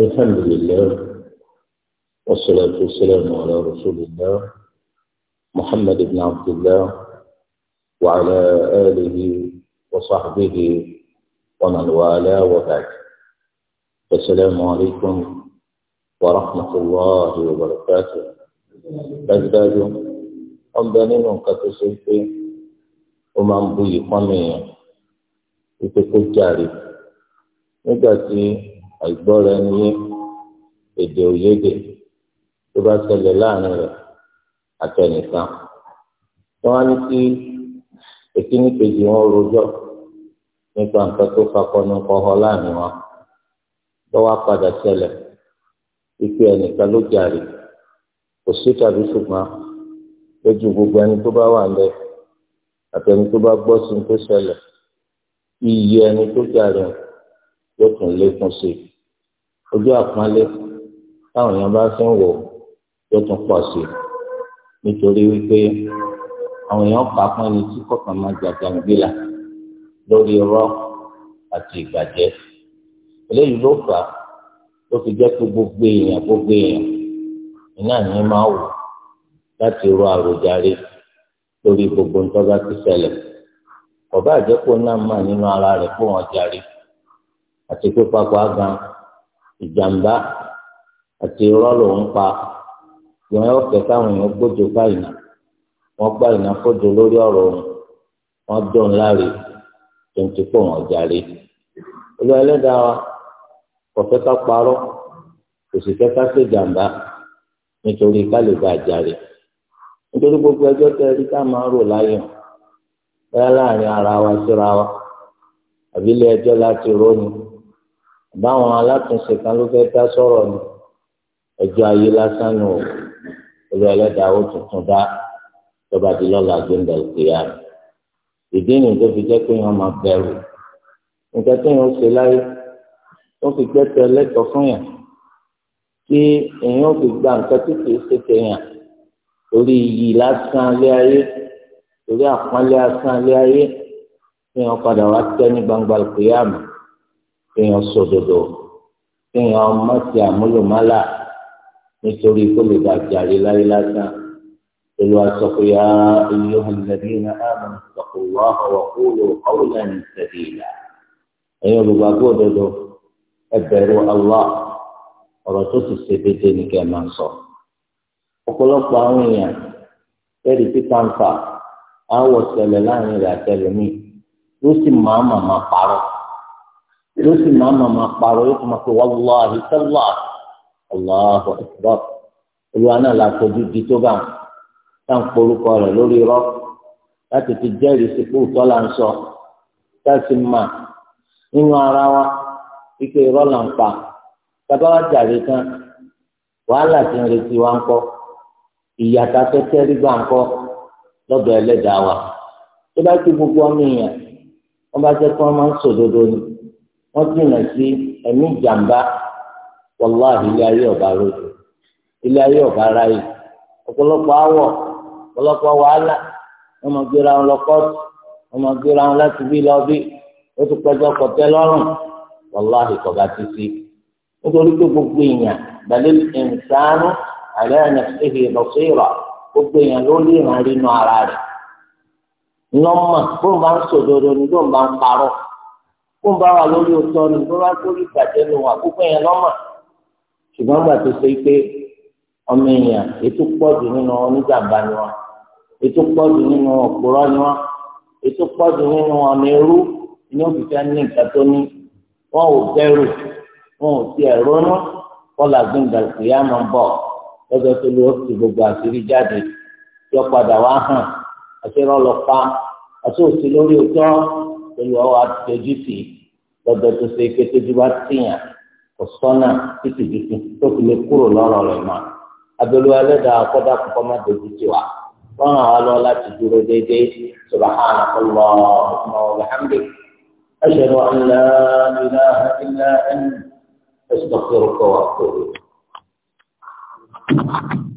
الحمد لله والصلاة والسلام على رسول الله محمد بن عبد الله وعلى آله وصحبه ومن والاه وبعد السلام عليكم ورحمة الله وبركاته dájúdájú أم بنين nínú أم أم بي قمي ó máa ń àìgbọ́ra ẹni yé èdè òyédè tó bá ṣẹlẹ̀ láàrin rẹ̀ àtẹnìkan wọn á ní kí èkíní kejì wọn rojọ́ nípa nǹkan tó fakọnu kọhọ láàrin wọn lọ́wọ́ padà ṣẹlẹ̀ wípé ẹnìkan ló jàre kò sí tàbí ṣùgbọ́n lójú gbogbo ẹni tó bá wà lẹ àtẹni tó bá gbọ́ sí tó ṣẹlẹ̀ iye ẹni tó jàre yóò tún lékún sí i ojú àpọ́nlé táwọn èèyàn bá fi ń wò yóò tún pọ̀ sí i nítorí wípé àwọn èèyàn kà fún ẹni tí kọ̀ọ̀kan máa jàjàngbìlà lórí irọ́ àti ìbàjẹ́ eléyìí ló fà á ló fi jẹ́ pé gbogbo èèyàn gbogbo èèyàn iná ní máa wò láti ro àròjàre lórí gbogbo nǹkan bá ti ṣẹlẹ̀ ọ̀bá àjẹpọ̀ náà mà nínú ara rẹ̀ fún wọn jàre àti pé papọ̀ gan-an. ìjàmbá àti irọ́ pa ìwọ̀n yóò fẹ́ káwọn èèyàn gbójú báyìí wọ́n gbá ìnáfọ́jọ lórí ọ̀rọ̀ òun wọ́n dùn láre tó ń ti pò wọ́n jàre olú ẹlẹ́dàá kò fẹ́ ká parọ́ kò sì fẹ́ ká ṣe nítorí ká lè bá jàre nítorí gbogbo ẹjọ́ tẹ ká máa rò láyọ̀ bẹ́ẹ̀ láàrin ara wa síra báwọn alátúnṣe kan ló fẹ́ dá sọ̀rọ̀ ni ẹjọ́ ayé lásán nù olú ẹlẹ́dàá ó tuntun dá tọ́ba di lọ́la gbẹ̀ndà òkèèyà rẹ̀ ìdí nìyí tó fi jẹ́ pé wọ́n máa bẹ̀rù nǹkan tó yẹn ó ṣe láyé ó fi gbẹ́tẹ̀ lẹ́tọ̀ọ́ fún yàn kí èèyàn fi gba nǹkan tí kìí ṣe tẹ̀yàn torí iyì lásán lé ayé torí àpọ́nlé lásán lé ayé kí wọ́n padà wá tẹ́ ní gbangba òkèèyà mọ́ kéèyàn sòdodo kéèyàn má ti àmúlòmálà nítorí kó lè bá jàre láyé lásán olùwà sọ pé ya ayyuhal ladhina amanu ittaqullaha wa qulu qawlan sadida ẹ̀yin olùgbàgbọ́ òdodo ẹ bẹ̀rù Allah ọ̀rọ̀ tó sì ṣe déédéé ni kẹ́ máa sọ ọ̀pọ̀lọpọ̀ àwọn èèyàn fẹ́ẹ̀rí pípa ń fà áwọ̀ ṣẹlẹ̀ láàrin rẹ̀ àtẹlẹmí yóò sì máa màmá parọ́ ló sì máa ma ma pààrọ̀ yóò máa pe wàláhi sálà aláhu akbar olúwa náà la fojú di tó bá tá n lórí láti fi tọ́ la ń sọ sì nínú ara wa ike irọ́ ń pa tábà wá jàre tán wàhálà ti ń retí wa ń kọ́ ìyàtà tó tẹ́rí gbà ń kọ́ lọ́dọ̀ ẹlẹ́dàá wa tó bá ti gbogbo ọmọ èèyàn wọ́n jìnnà sí ẹ̀mí ìjàmbá wàláhì ilé ayé ọ̀bá rojo ilé ayé ọ̀bá ráyè ọ̀pọ̀lọpọ̀ awọ ọ̀pọ̀lọpọ̀ wàhálà wọ́n máa gbéra wọn lọ kọ́ọ̀tù wọ́n máa gbéra wọn láti bí lọ bí ó ti pẹ́jọ́ kọ̀tẹ́ lọ́rùn wàláhì kọ̀gá títí nítorí pé gbogbo èèyàn balẹ̀ ìsánú àlẹ́ ẹ̀nẹ́fẹ́hì lọ́sẹ̀rọ̀ gbogbo èèyàn ló lè rán rí ara rẹ̀ nọ́mà bóun kó ń bá wà lórí òótọ́ ni tó bá lórí ìbàjẹ́ ló wà púpọ̀ yẹn lọ́mà ṣùgbọ́n gbà tó ṣe pé ọmọ èèyàn ètò pọ̀jù nínú oníjàmbá ni wọn ètò pọ̀jù nínú òpùrọ́ ni wọn ètò pọ̀jù nínú ọmọ ẹrú ni ó fi fẹ́ ní nǹkan tó ní wọn ò bẹ̀rù wọn ò tiẹ̀ ronú kọ́lá gbẹ̀ngàlùkù yá máa ń bọ̀ lọ́jọ́ tó lọ́ọ́ ti gbogbo àṣírí jáde yọ padà wá hàn àṣírí ọlọ́pàá àti òsì lórí òótọ́ pẹ̀lú ọwọ́ àtẹ̀jú sí i. lọ́jọ́ tó ṣe pé tójú bá tìyàn kò sọ́nà títí tó fi lè kúrò lọ́rọ̀ rẹ̀ mọ́ abẹ́lúwa ẹlẹ́dàá akọ́dà kọ́kọ́ má dojú tì wá wọ́n ràn wá lọ láti dúró déédéé subhanaka allahumma